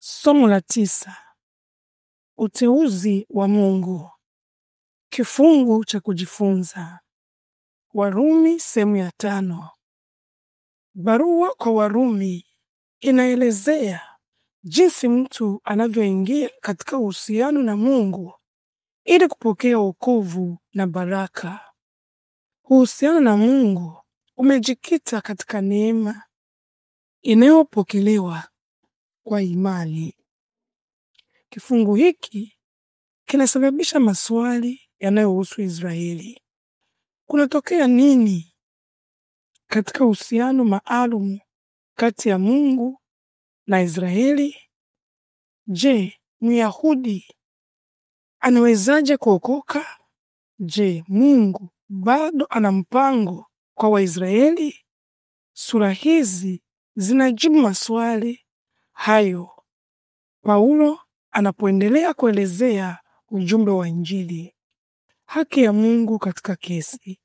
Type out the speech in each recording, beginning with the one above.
Somo la tisa: Uteuzi wa Mungu. Kifungu cha kujifunza. Warumi sehemu ya tano. Barua kwa Warumi inaelezea jinsi mtu anavyoingia katika uhusiano na Mungu ili kupokea wokovu na baraka. Uhusiano na Mungu umejikita katika neema inayopokelewa kwa imani. Kifungu hiki kinasababisha maswali yanayohusu Israeli. Kunatokea nini katika uhusiano maalum kati ya Mungu na Israeli? Je, Myahudi anawezaje kuokoka? Je, Mungu bado ana mpango kwa Waisraeli? Sura hizi zinajibu maswali hayo Paulo anapoendelea kuelezea ujumbe wa Injili, haki ya Mungu katika kesi.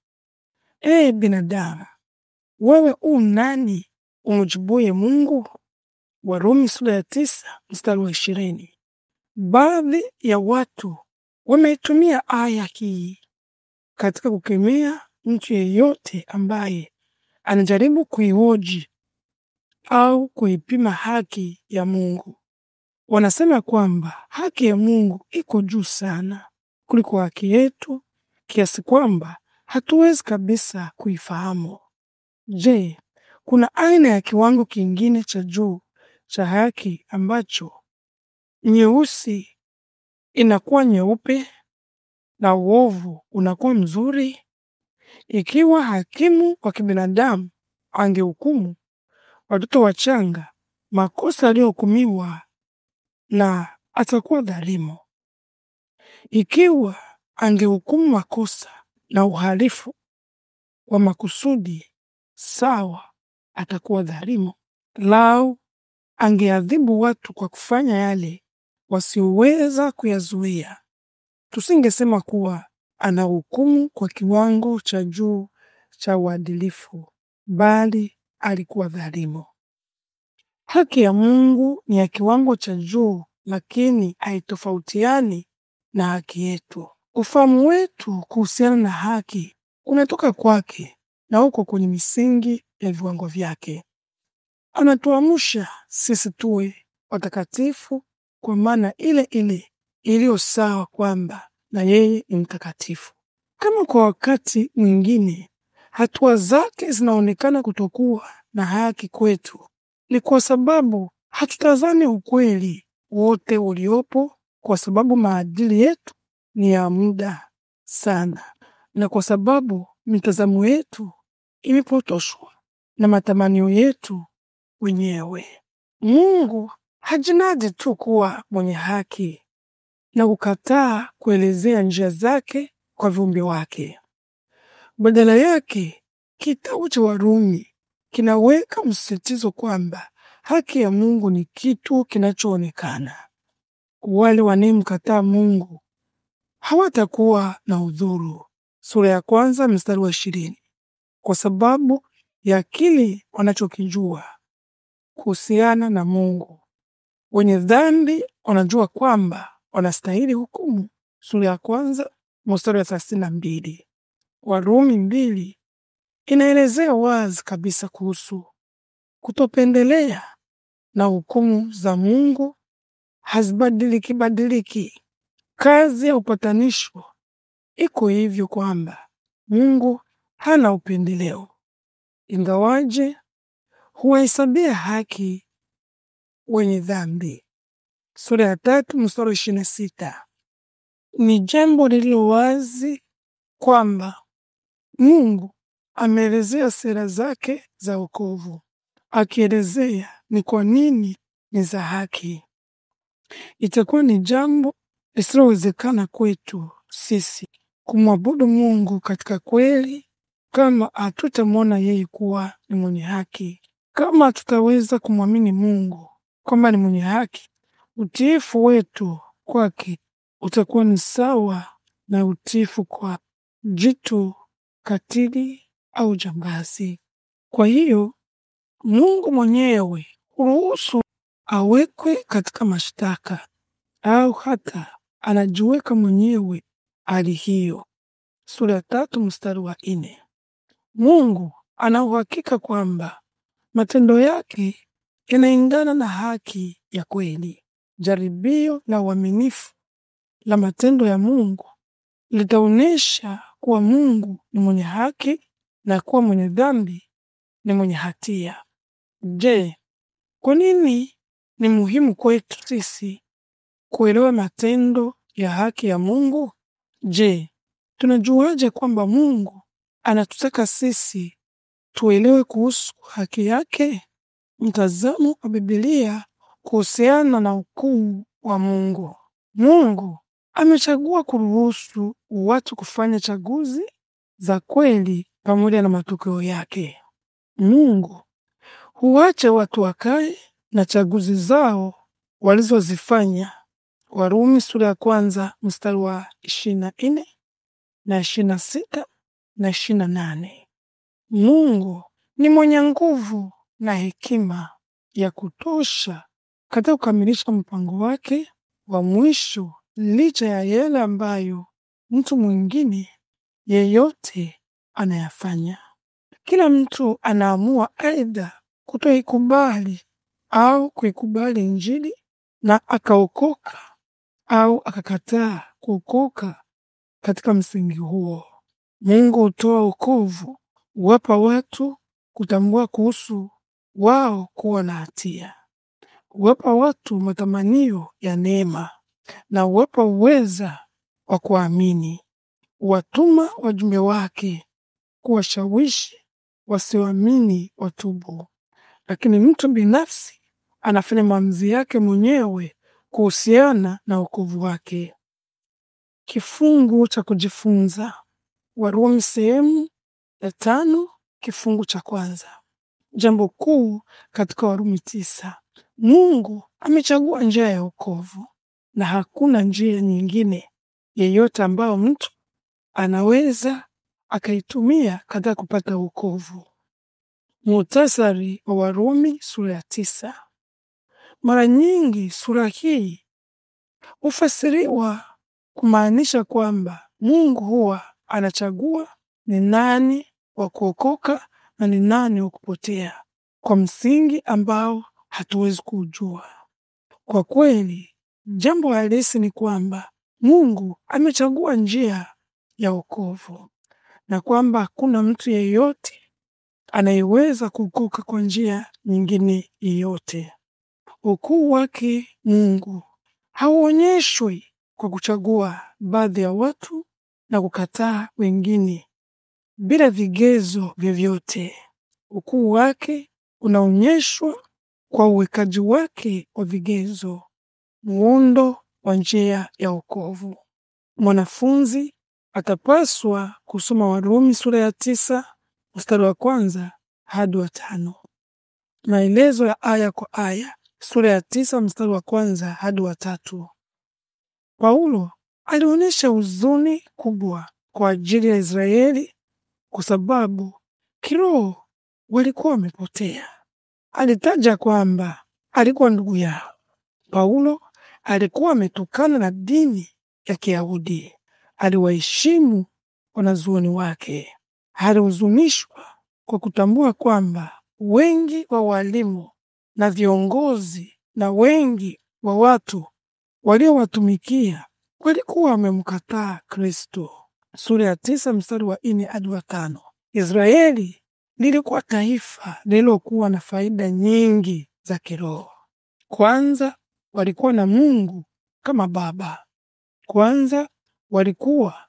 Ee binadamu, wewe u nani umujibuye Mungu? Warumi sura ya tisa mstari wa ishirini. Baadhi ya watu wameitumia aya hii katika kukemea mtu yeyote ambaye anajaribu kuihoji au kuipima haki ya Mungu. Wanasema kwamba haki ya Mungu iko juu sana kuliko haki yetu kiasi kwamba hatuwezi kabisa kuifahamu. Je, kuna aina ya kiwango kingine cha juu cha haki ambacho nyeusi inakuwa nyeupe na uovu unakuwa mzuri? Ikiwa hakimu wa kibinadamu angehukumu watoto wachanga makosa aliyohukumiwa na atakuwa dhalimu. Ikiwa angehukumu makosa na uhalifu wa makusudi sawa, atakuwa dhalimu. Lau angeadhibu watu kwa kufanya yale wasioweza kuyazuia, tusingesema kuwa anahukumu kwa kiwango cha juu cha uadilifu, bali alikuwa dhalimu. Haki ya Mungu ni ya kiwango cha juu, lakini haitofautiani na haki yetu. Ufahamu wetu kuhusiana na haki unatoka kwake na uko kwenye misingi ya viwango vyake. Anatuamsha sisi tuwe watakatifu kwa maana ile ile iliyo sawa kwamba na yeye ni mtakatifu. Kama kwa wakati mwingine hatua zake zinaonekana kutokuwa na haki kwetu, ni kwa sababu hatutazani ukweli wote uliopo, kwa sababu maadili yetu ni ya muda sana, na kwa sababu mitazamo yetu imepotoshwa na matamanio yetu wenyewe. Mungu hajinaji tu kuwa mwenye haki na kukataa kuelezea njia zake kwa viumbe wake. Badala yake, kitabu cha Warumi kinaweka msisitizo kwamba haki ya Mungu ni kitu kinachoonekana. Wale wanemkataa Mungu hawatakuwa na udhuru, sura ya kwanza mstari wa ishirini, kwa sababu ya kile wanachokijua kuhusiana na Mungu. Wenye dhambi wanajua kwamba wanastahili hukumu, sura ya kwanza mstari wa thelathini na mbili. Warumi mbili inaelezea wazi kabisa kuhusu kutopendelea na hukumu za Mungu hazibadiliki badiliki. Kazi ya upatanisho iko hivyo kwamba Mungu hana upendeleo, ingawaje huwahesabia haki wenye dhambi, sura ya tatu mstari ishirini na sita. Ni jambo lililo wazi kwamba Mungu ameelezea sera zake za wokovu, akielezea ni kwa nini ni za haki. Itakuwa ni jambo lisilowezekana kwetu sisi kumwabudu Mungu katika kweli kama hatutamwona yeye kuwa ni mwenye haki. Kama tutaweza kumwamini Mungu kwamba ni mwenye haki, utiifu wetu kwake utakuwa ni sawa na utiifu kwa jitu katili au jambazi. Kwa hiyo Mungu mwenyewe huruhusu awekwe katika mashtaka au hata anajiweka mwenyewe hali hiyo. Sura tatu mstari wa nne. Mungu ana uhakika kwamba matendo yake yanaendana na haki ya kweli. Jaribio la uaminifu la matendo ya Mungu litaonesha kuwa Mungu ni mwenye haki na kuwa mwenye dhambi ni mwenye hatia. Je, kwa nini ni muhimu kwetu sisi kuelewa matendo ya haki ya Mungu? Je, tunajuaje kwamba Mungu anatutaka sisi tuelewe kuhusu haki yake? Mtazamo wa Biblia kuhusiana na ukuu wa Mungu. Mungu amechagua kuruhusu watu kufanya chaguzi za kweli pamoja na matokeo yake. Mungu huache watu wakae na chaguzi zao walizozifanya. Warumi sura ya kwanza mstari wa ishirini na nne na ishirini na sita na ishirini na nane. Mungu ni mwenye nguvu na hekima ya kutosha katika kukamilisha mpango wake wa mwisho licha ya yale ambayo mtu mwingine yeyote anayafanya. Kila mtu anaamua aidha kutoikubali au kuikubali Injili na akaokoka au akakataa kuokoka. Katika msingi huo, Mungu hutoa wokovu, huwapa watu kutambua kuhusu wao kuwa na hatia, huwapa watu matamanio ya neema na uwepo uweza wa kuamini. Watuma wajumbe wake kuwashawishi wasioamini watubu, lakini mtu binafsi anafanya maamuzi yake mwenyewe kuhusiana na wokovu wake. Kifungu cha kujifunza Warumi sehemu ya tano kifungu cha kwanza. Jambo kuu katika Warumi tisa, Mungu amechagua njia ya wokovu na hakuna njia nyingine yeyote ambayo mtu anaweza akaitumia katika kupata wokovu. Muhtasari wa Warumi sura ya tisa. Mara nyingi sura hii hufasiriwa kumaanisha kwamba Mungu huwa anachagua ni nani wa kuokoka na ni nani wa kupotea kwa msingi ambao hatuwezi kujua. Kwa kweli Jambo halisi ni kwamba Mungu amechagua njia ya wokovu na kwamba hakuna mtu yeyote anayeweza kukoka kwa njia nyingine yeyote. Ukuu wake Mungu hauonyeshwi kwa kuchagua baadhi ya watu na kukataa wengine bila vigezo vyovyote. Ukuu wake unaonyeshwa kwa uwekaji wake wa vigezo muundo wa njia ya wokovu. Mwanafunzi atapaswa kusoma Warumi sura ya tisa mstari wa kwanza hadi wa tano. Maelezo ya aya kwa aya sura ya tisa mstari wa kwanza hadi wa tatu. Paulo alionyesha huzuni kubwa kwa ajili ya Israeli kwa sababu kiroho walikuwa wamepotea. Alitaja kwamba alikuwa ndugu yao. Paulo alikuwa ametokana na dini ya Kiyahudi. Aliwaheshimu wanazuoni wake. Alihuzunishwa kwa kutambua kwamba wengi wa walimu na viongozi na wengi wa watu waliowatumikia walikuwa wamemkataa Kristo. Sura ya tisa mstari wa nne hadi wa tano. Israeli lilikuwa taifa lililokuwa na faida nyingi za kiroho. Kwanza, walikuwa na Mungu kama Baba. Kwanza walikuwa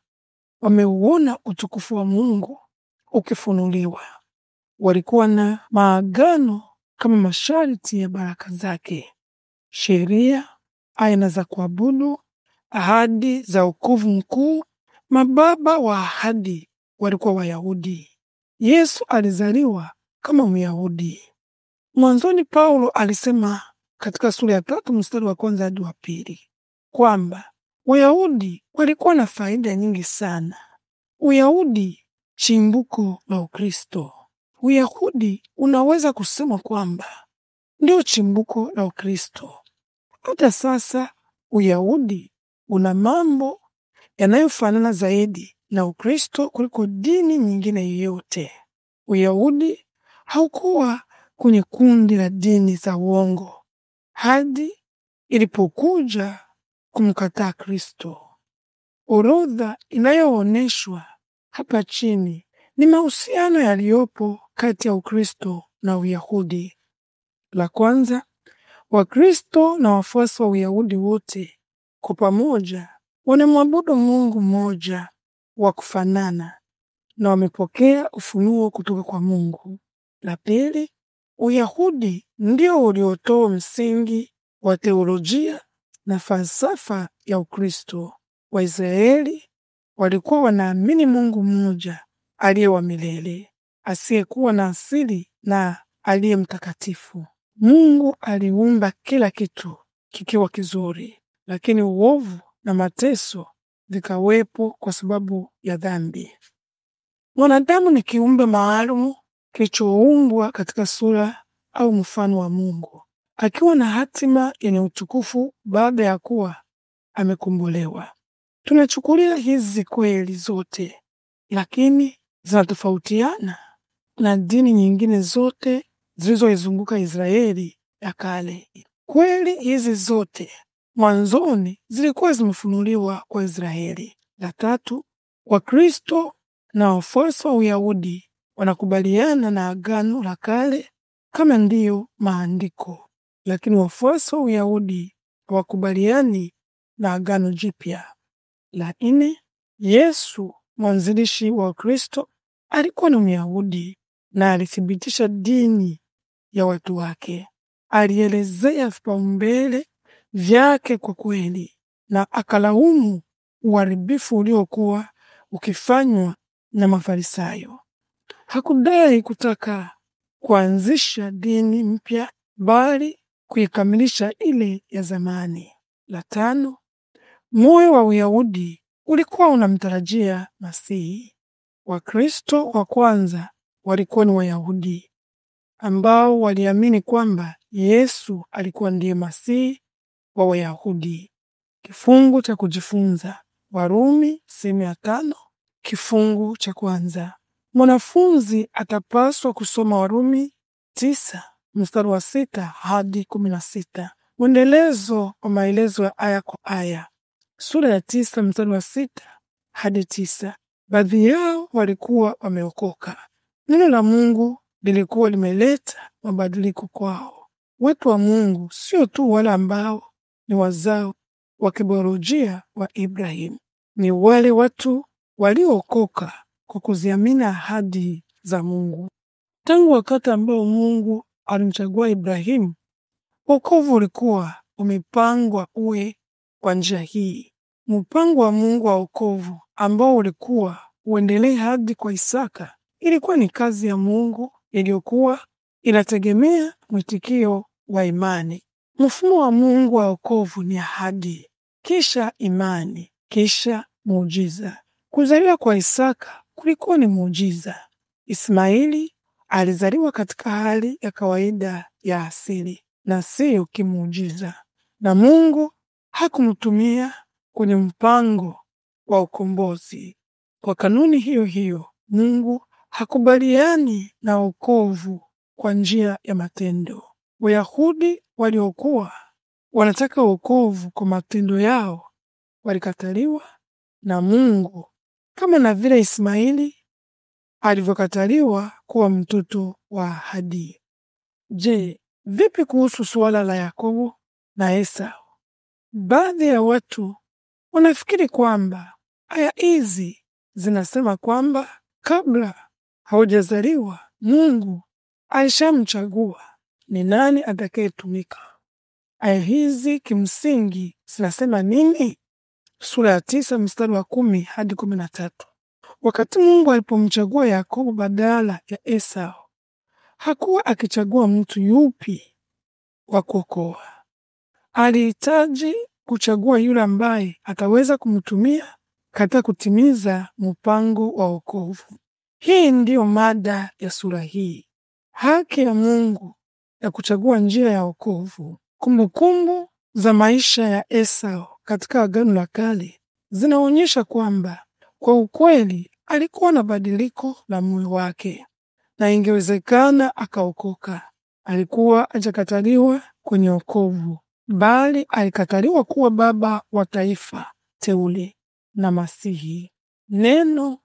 wameuona utukufu wa Mungu ukifunuliwa, walikuwa na maagano kama masharti ya baraka zake, sheria, aina za kuabudu, ahadi za wokovu mkuu. Mababa wa ahadi walikuwa Wayahudi. Yesu alizaliwa kama Myahudi. Mwanzoni Paulo alisema katika sura ya tatu mstari wa kwanza hadi wa pili kwamba Wayahudi walikuwa na faida nyingi sana. Uyahudi chimbuko la Ukristo. Uyahudi unaweza kusema kwamba ndio chimbuko la Ukristo. Hata sasa Uyahudi una mambo yanayofanana zaidi na Ukristo kuliko dini nyingine yoyote. Uyahudi haukuwa kwenye kundi la dini za uongo hadi ilipokuja kumkataa Kristo. Orodha inayoonyeshwa hapa chini ni mahusiano yaliyopo kati ya Ukristo na Uyahudi. La kwanza, Wakristo na wafuasi wa Uyahudi wote kwa pamoja wanamwabudu Mungu mmoja wa kufanana na wamepokea ufunuo kutoka kwa Mungu. La pili, Uyahudi ndio uliotoa msingi wa teolojia na falsafa ya Ukristo. Waisraeli walikuwa wanaamini Mungu mmoja aliye wa milele, asiyekuwa na asili na aliye mtakatifu. Mungu aliumba kila kitu kikiwa kizuri, lakini uovu na mateso vikawepo kwa sababu ya dhambi. Mwanadamu ni kiumbe maalumu kilichoumbwa katika sura au mfano wa Mungu, akiwa na hatima yenye utukufu baada ya kuwa amekombolewa. Tunachukulia hizi kweli zote, lakini zinatofautiana na dini nyingine zote zilizoizunguka Israeli ya kale. Kweli hizi zote mwanzoni zilikuwa zimefunuliwa kwa Israeli. La tatu, Wakristo na wafuasi wa Uyahudi wanakubaliana na Agano la Kale kama ndiyo maandiko, lakini wafuasi wa Uyahudi hawakubaliani na Agano Jipya. La nne, Yesu mwanzilishi wa Kristo alikuwa ni Myahudi na alithibitisha dini ya watu wake. Alielezea vipaumbele vyake kwa kweli na akalaumu uharibifu uliokuwa ukifanywa na Mafarisayo. Hakudai kutaka kuanzisha dini mpya bali kuikamilisha ile ya zamani. La tano, moyo wa Uyahudi ulikuwa unamtarajia Masihi. Wakristo wa kwanza walikuwa ni Wayahudi ambao waliamini kwamba Yesu alikuwa ndiye Masihi wa Wayahudi. Kifungu cha kujifunza Warumi sehemu ya tano kifungu cha kwanza. Mwanafunzi atapaswa kusoma Warumi tisa mstari wa sita hadi kumi na sita mwendelezo wa maelezo ya aya kwa aya, sura ya tisa mstari wa sita hadi tisa. Baadhi yao walikuwa wameokoka, neno la Mungu lilikuwa limeleta mabadiliko kwao. Watu wa Mungu sio tu wale ambao ni wazao wa kibiolojia wa Ibrahimu, ni wale watu waliookoka kwa kuziamini ahadi za Mungu. Tangu wakati ambao Mungu alimchagua Ibrahimu, wokovu ulikuwa umepangwa uwe kwa njia hii. Mpango wa Mungu wa wokovu ambao ulikuwa uendelee hadi kwa Isaka ilikuwa ni kazi ya Mungu iliyokuwa inategemea mwitikio wa imani. Mfumo wa Mungu wa wokovu ni ahadi, kisha imani, kisha muujiza. Kuzaliwa kwa Isaka kulikuwa ni muujiza. Ismaili alizaliwa katika hali ya kawaida ya asili na siyo kimuujiza, na Mungu hakumtumia kwenye mpango wa ukombozi. Kwa kanuni hiyo hiyo, Mungu hakubaliani na wokovu kwa njia ya matendo. Wayahudi waliokuwa wanataka wokovu kwa matendo yao walikataliwa na Mungu kama na vile Ismaili alivyokataliwa kuwa mtoto wa ahadi. Je, vipi kuhusu suala la Yakobo na Esau? Baadhi ya watu wanafikiri kwamba aya hizi zinasema kwamba kabla haujazaliwa Mungu alishamchagua ni nani atakayetumika. Aya hizi kimsingi zinasema nini? sura ya tisa mstari wa kumi hadi kumi na tatu. Wakati Mungu alipomchagua Yakobo badala ya Esau, hakuwa akichagua mtu yupi wa kuokoa. Alihitaji kuchagua yule ambaye ataweza kumtumia katika kutimiza mpango wa wokovu. Hii ndiyo mada ya sura hii, haki ya Mungu ya kuchagua njia ya wokovu. Kumbukumbu za maisha ya Esau katika Agano la Kale zinaonyesha kwamba kwa ukweli alikuwa na badiliko la moyo wake na ingewezekana akaokoka. Alikuwa ajakataliwa kwenye wokovu, bali alikataliwa kuwa baba wa taifa teule na Masihi. Neno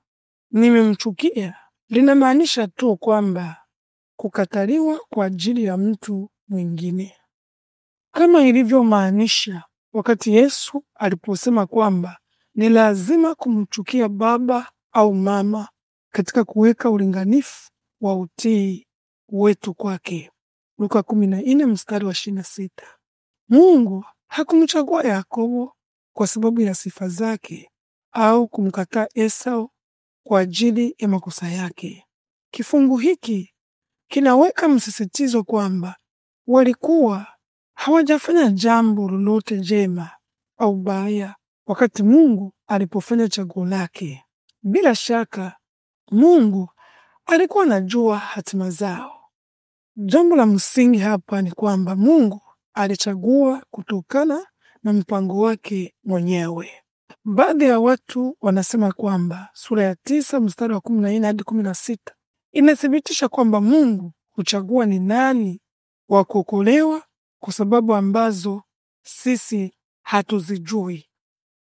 nimemchukia linamaanisha tu kwamba kukataliwa kwa ajili ya mtu mwingine kama ilivyomaanisha wakati Yesu aliposema kwamba ni lazima kumchukia baba au mama katika kuweka ulinganifu wa utii wetu kwake. Luka 14 mstari wa 26. Mungu hakumchagua Yakobo kwa sababu ya sifa zake au kumkataa Esau kwa ajili ya makosa yake. Kifungu hiki kinaweka msisitizo kwamba walikuwa hawajafanya jambo lolote jema au baya wakati Mungu alipofanya chaguo lake. Bila shaka Mungu alikuwa anajua hatima zao. Jambo la msingi hapa ni kwamba Mungu alichagua kutokana na mpango wake mwenyewe. Baadhi ya watu wanasema kwamba sura ya tisa mstari wa kumi na nne hadi kumi na sita inathibitisha kwamba Mungu huchagua ni nani wa kuokolewa kwa sababu ambazo sisi hatuzijui.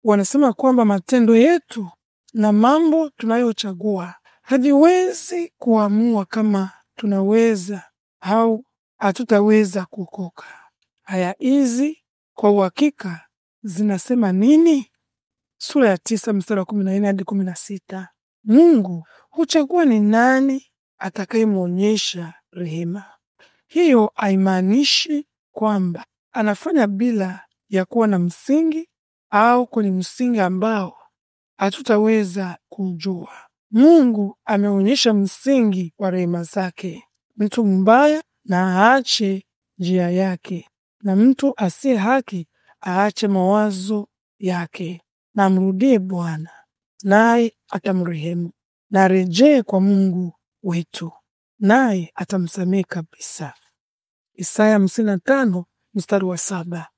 Wanasema kwamba matendo yetu na mambo tunayochagua haviwezi kuamua kama tunaweza au hatutaweza kuokoka. Aya hizi kwa uhakika zinasema nini? Sura ya tisa mstari wa kumi na nne hadi kumi na sita. Mungu huchagua ni nani atakayemwonyesha rehema. Hiyo haimaanishi kwamba anafanya bila ya kuwa na msingi au kwenye msingi ambao hatutaweza kujua. Mungu ameonyesha msingi wa rehema zake. Mtu mbaya na aache njia yake, na mtu asiye haki aache mawazo yake, na amrudie Bwana naye atamrehemu, na rejee kwa Mungu wetu naye atamsamehe kabisa. Isaya hamsini tano mstari wa saba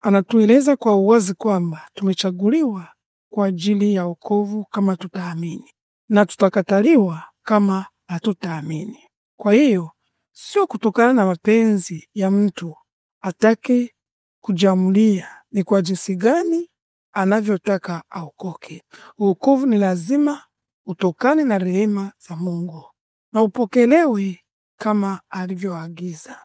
anatueleza kwa uwazi kwamba tumechaguliwa kwa ajili ya wokovu kama tutaamini, na tutakataliwa kama hatutaamini. Kwa hiyo sio kutokana na mapenzi ya mtu atake kujamulia ni kwa jinsi gani anavyotaka aokoke. Wokovu ni lazima utokane na rehema za Mungu na upokelewe kama alivyoagiza.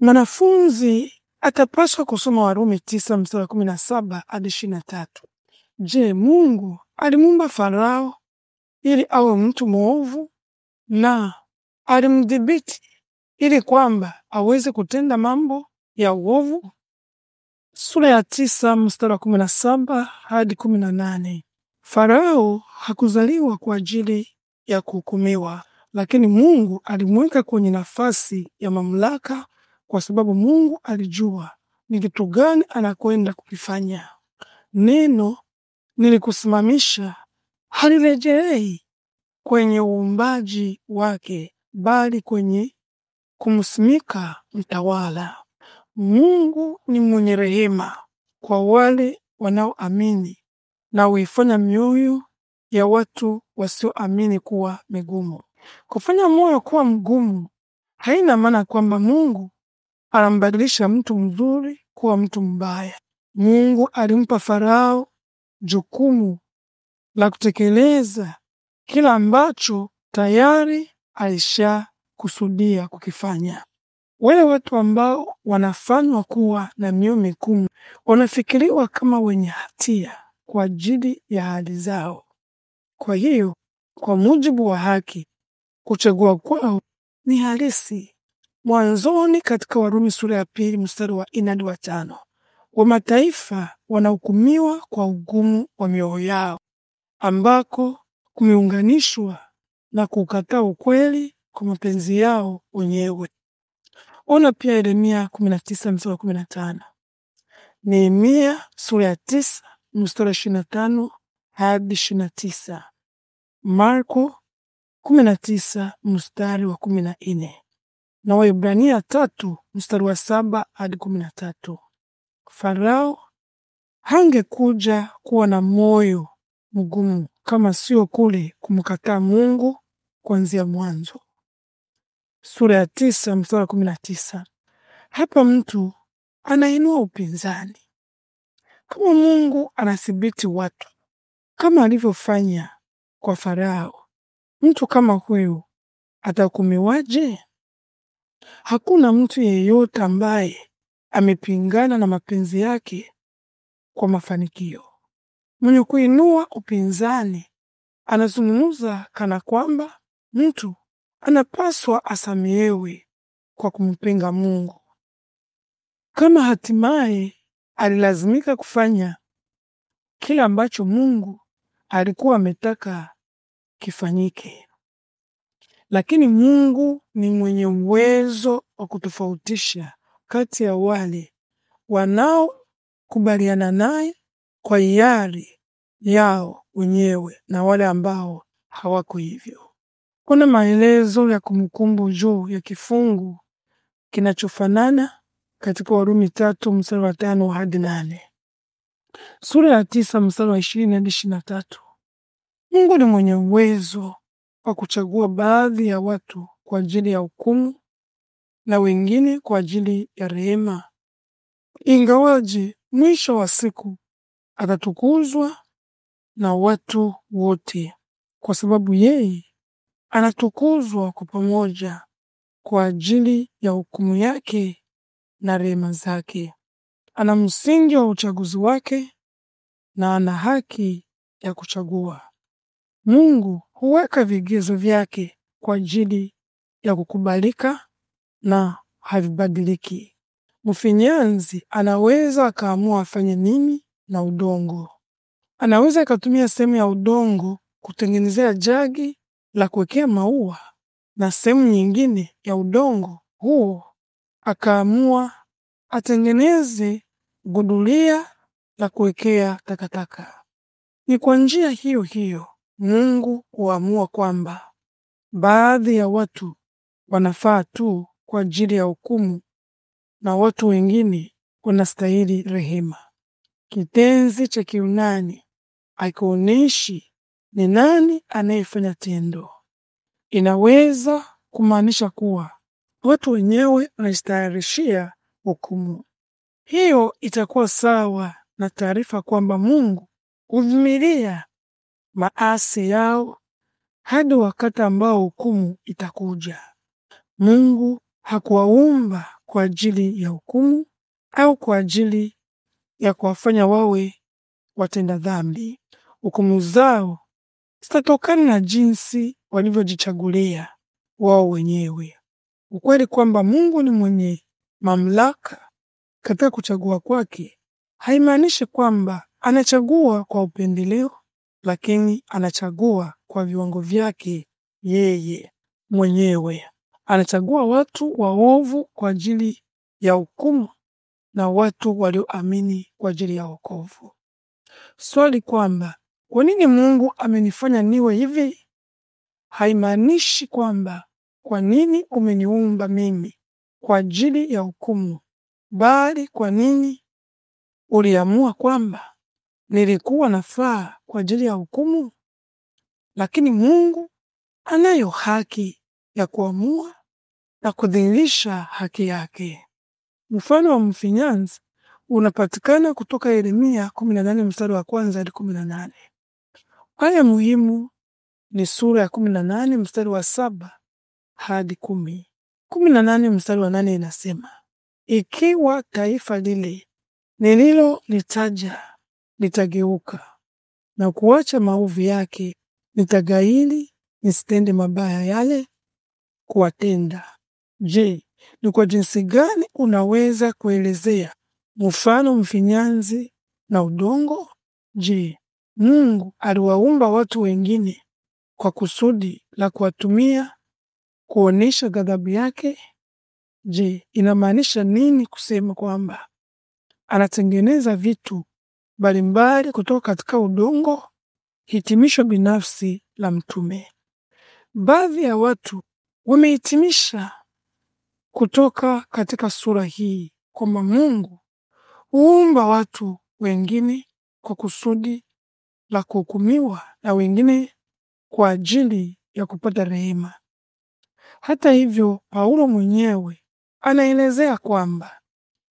Mwanafunzi atapaswa kusoma Warumi tisa mstari kumi saba hadi ishirini tatu. Je, Mungu alimuumba Farao ili awe mtu mwovu na alimdhibiti ili kwamba aweze kutenda mambo ya uovu? Sura ya tisa mstari wa kumi na saba hadi kumi na nane. Farao hakuzaliwa kwa ajili ya kuhukumiwa, lakini Mungu alimweka kwenye nafasi ya mamlaka kwa sababu Mungu alijua ni kitu gani anakwenda kukifanya. Neno nilikusimamisha halirejelei kwenye uumbaji wake, bali kwenye kumsimika mtawala. Mungu ni mwenye rehema kwa wale wanaoamini na huifanya mioyo ya watu wasioamini kuwa migumu. Kufanya moyo kuwa mgumu haina maana kwamba Mungu anambadilisha mtu mzuri kuwa mtu mbaya. Mungu alimpa Farao jukumu la kutekeleza kila ambacho tayari alishakusudia kukifanya. Wale watu ambao wanafanywa kuwa na mioyo migumu wanafikiriwa kama wenye hatia kwa ajili ya hali zao. Kwa hiyo, kwa mujibu wa haki, kuchagua kwao ni halisi mwanzoni katika Warumi sura ya pili mstari wa nne hadi wa tano wa mataifa wanahukumiwa kwa ugumu wa mioyo yao, ambako kumeunganishwa na kukataa ukweli kwa mapenzi yao wenyewe. Ona pia Yeremia 19 mstari wa 15, Nehemia sura ya 9 mstari wa 25 hadi 29, Marko 19 mstari wa 14 na Waebrania tatu mstari wa saba hadi kumi na tatu. Farao hangekuja kuwa na moyo mgumu kama sio kule kumkataa Mungu kuanzia mwanzo. Sura ya tisa mstari wa kumi na tisa. Hapa mtu anainua upinzani. Kama Mungu anathibiti watu kama alivyofanya kwa Farao, mtu kama huyu atahukumiwaje? Hakuna mtu yeyote ambaye amepingana na mapenzi yake kwa mafanikio. Mwenye kuinua upinzani anazungumza kana kwamba mtu anapaswa asamehewe kwa kumpinga Mungu, kama hatimaye alilazimika kufanya kile ambacho Mungu alikuwa ametaka kifanyike. Lakini Mungu ni mwenye uwezo wa kutofautisha kati ya wale wanaokubaliana naye kwa hiari yao wenyewe na wale ambao hawako hivyo. Kuna maelezo ya kumbukumbu juu ya kifungu kinachofanana katika Warumi tatu mstari wa tano hadi nane, sura ya tisa mstari wa ishirini hadi ishirini na tatu. Mungu ni mwenye uwezo kwa kuchagua baadhi ya watu kwa ajili ya hukumu na wengine kwa ajili ya rehema, ingawaje mwisho wa siku atatukuzwa na watu wote, kwa sababu yeye anatukuzwa kwa pamoja kwa ajili ya hukumu yake na rehema zake. Ana msingi wa uchaguzi wake na ana haki ya kuchagua. Mungu huweka vigezo vyake kwa ajili ya kukubalika na havibadiliki. Mfinyanzi anaweza akaamua afanye nini na udongo. Anaweza akatumia sehemu ya udongo kutengenezea jagi la kuwekea maua na sehemu nyingine ya udongo huo akaamua atengeneze gudulia la kuwekea takataka. Ni kwa njia hiyo hiyo Mungu huamua kwamba baadhi ya watu wanafaa tu kwa ajili ya hukumu na watu wengine wanastahili rehema. Kitenzi cha Kiunani haikuonyeshi ni nani anayefanya tendo. Inaweza kumaanisha kuwa watu wenyewe wanajitayarishia hukumu. Hiyo itakuwa sawa na taarifa kwamba Mungu huvumilia maasi yao hadi wakati ambao hukumu itakuja. Mungu hakuwaumba kwa ajili ya hukumu au kwa ajili ya kuwafanya wawe watenda dhambi. Hukumu zao zitatokana na jinsi walivyojichagulia wao wenyewe. Ukweli kwamba Mungu ni mwenye mamlaka katika kuchagua kwake haimaanishi kwamba anachagua kwa upendeleo lakini anachagua kwa viwango vyake yeye mwenyewe. Anachagua watu waovu kwa ajili ya hukumu na watu walioamini kwa ajili ya wokovu. Swali kwamba kwa nini Mungu amenifanya niwe hivi haimaanishi kwamba kwa nini umeniumba mimi kwa ajili ya hukumu, bali kwa nini uliamua kwamba nilikuwa nafaa kwa ajili ya hukumu, lakini Mungu anayo haki ya kuamua na kudhihirisha haki yake. Mfano wa mfinyanzi unapatikana kutoka Yeremia 18 mstari wa kwanza hadi 18. Aya muhimu ni sura ya 18 mstari wa saba hadi kumi. 18 mstari wa nane inasema, ikiwa taifa lile nitaja nitageuka na kuacha maovu yake, nitagaili nisitende mabaya yale kuwatenda. Je, ni kwa jinsi gani unaweza kuelezea mfano mfinyanzi na udongo? Je, Mungu aliwaumba watu wengine kwa kusudi la kuwatumia kuonesha ghadhabu yake? Je, inamaanisha nini kusema kwamba anatengeneza vitu mbalimbali kutoka katika udongo. Hitimisho binafsi la mtume. Baadhi ya watu wamehitimisha kutoka katika sura hii kwamba Mungu huumba watu wengine kwa kusudi la kuhukumiwa na wengine kwa ajili ya kupata rehema. Hata hivyo, Paulo mwenyewe anaelezea kwamba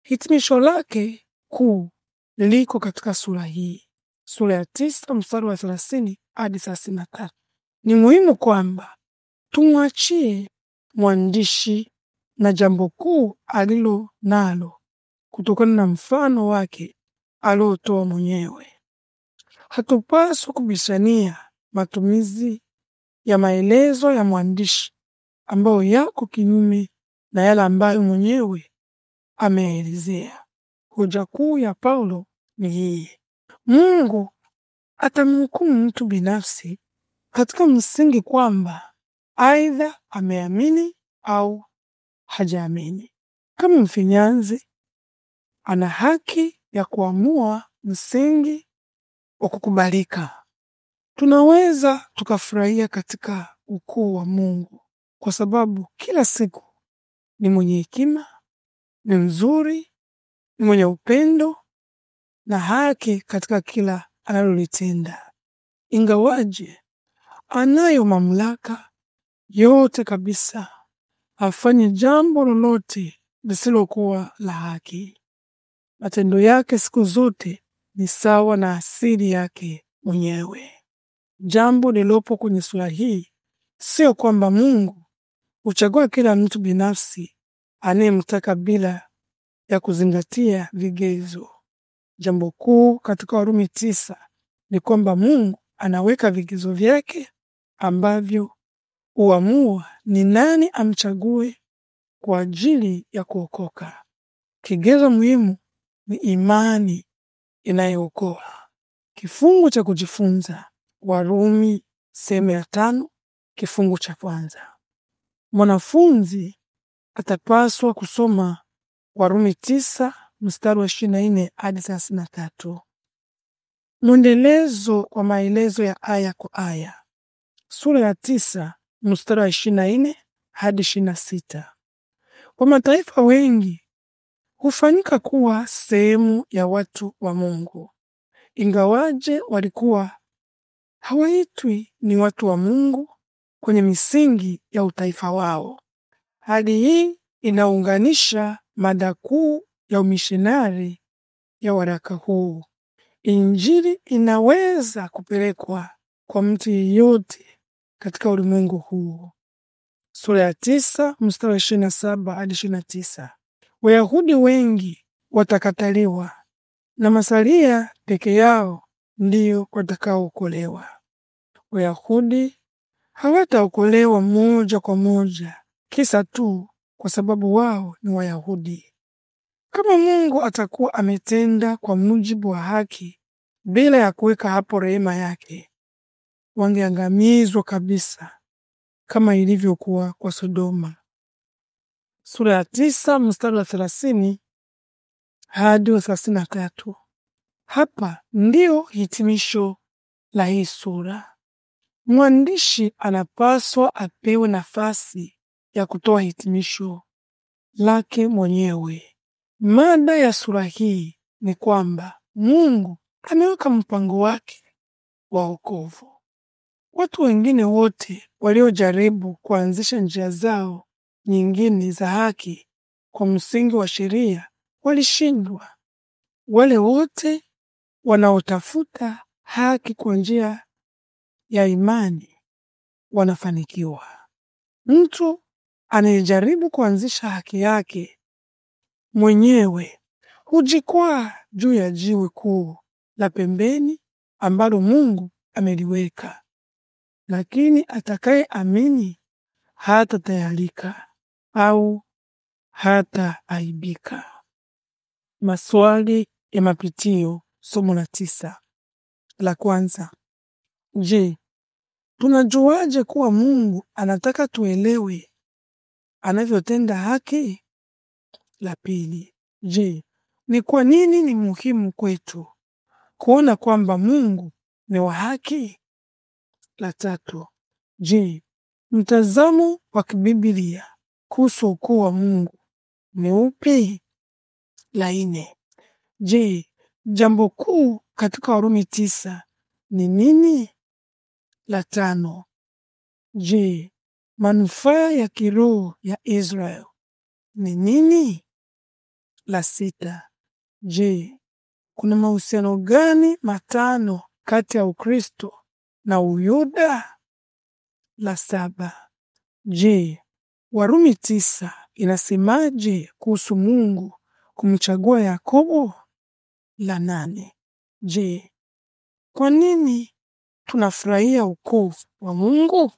hitimisho lake kuu liko katika sura hii, sura ya tisa mstari wa thelathini hadi thelathini na tatu. Ni muhimu kwamba tumwachie mwandishi na jambo kuu alilo nalo kutokana na mfano wake aliotoa mwenyewe. Hatupaswi kubishania matumizi ya maelezo ya mwandishi ambayo yako kinyume na yale ambayo mwenyewe ameelezea. Hoja kuu ya Paulo ni hii: Mungu atamhukumu mtu binafsi katika msingi kwamba aidha ameamini au hajaamini. Kama mfinyanzi, ana haki ya kuamua msingi wa kukubalika. Tunaweza tukafurahia katika ukuu wa Mungu kwa sababu kila siku ni mwenye hekima, ni mzuri ni mwenye upendo na haki katika kila analolitenda, ingawaje anayo mamlaka yote kabisa afanye jambo lolote lisilokuwa la haki. Matendo yake siku zote ni sawa na asili yake mwenyewe. Jambo lilopo kwenye sura hii sio kwamba Mungu huchagua kila mtu binafsi anayemtaka bila ya kuzingatia vigezo. Jambo kuu katika Warumi tisa ni kwamba Mungu anaweka vigezo vyake ambavyo huamua ni nani amchague kwa ajili ya kuokoka. Kigezo muhimu ni imani inayookoa. Kifungu cha kujifunza, Warumi sehemu ya tano kifungu cha kwanza. Mwanafunzi atapaswa kusoma Warumi tisa mstari wa ishirini na nne hadi thelathini na tatu. Mwendelezo wa maelezo ya aya kwa aya. Sura ya tisa mstari wa ishirini na nne hadi ishirini na sita. Kwa mataifa wengi hufanyika kuwa sehemu ya watu wa Mungu, ingawaje walikuwa hawaitwi ni watu wa Mungu kwenye misingi ya utaifa wao. Hali hii inaunganisha mada kuu ya umishinari ya waraka huu. Injili inaweza kupelekwa kwa mtu yeyote katika ulimwengu huu. Sura ya tisa mstari wa ishirini na saba hadi ishirini na tisa. Wayahudi wengi watakataliwa na masalia peke yao ndiyo watakaookolewa. Wayahudi hawataokolewa moja kwa moja kisa tu kwa sababu wao ni Wayahudi. Kama Mungu atakuwa ametenda kwa mujibu wa haki bila ya kuweka hapo rehema yake, wangeangamizwa kabisa kama ilivyokuwa kwa Sodoma. Sura ya tisa mstari wa thelathini hadi wa thelathini na tatu. Hapa ndio hitimisho la hii sura. Mwandishi anapaswa apewe nafasi ya kutoa hitimisho lake mwenyewe. Mada ya sura hii ni kwamba Mungu ameweka mpango wake wa wokovu. Watu wengine wote waliojaribu kuanzisha njia zao nyingine za haki kwa msingi wa sheria walishindwa. Wale wote wanaotafuta haki kwa njia ya imani wanafanikiwa. Mtu anayejaribu kuanzisha haki yake mwenyewe hujikwaa juu ya jiwe kuu la pembeni ambalo Mungu ameliweka, lakini hata hatatayarika au aibika. Maswali ya mapitio, somo la tisa. La kwanza, je, tunajuaje kuwa Mungu anataka tuelewe anavyotenda haki. La pili, je, ni kwa nini ni muhimu kwetu kuona kwamba Mungu ni wa haki? La tatu, je, mtazamo wa kibiblia kuhusu ukuu wa Mungu ni upi? La nne, je, jambo kuu katika Warumi tisa ni nini? La tano, je, Manufaa ya kiroho ya Israeli ni nini? La sita, je, kuna mahusiano gani matano kati ya Ukristo na Uyuda? La saba, je, Warumi tisa inasemaje kuhusu Mungu kumchagua Yakobo? La nane, je, kwa nini tunafurahia ukovu wa Mungu?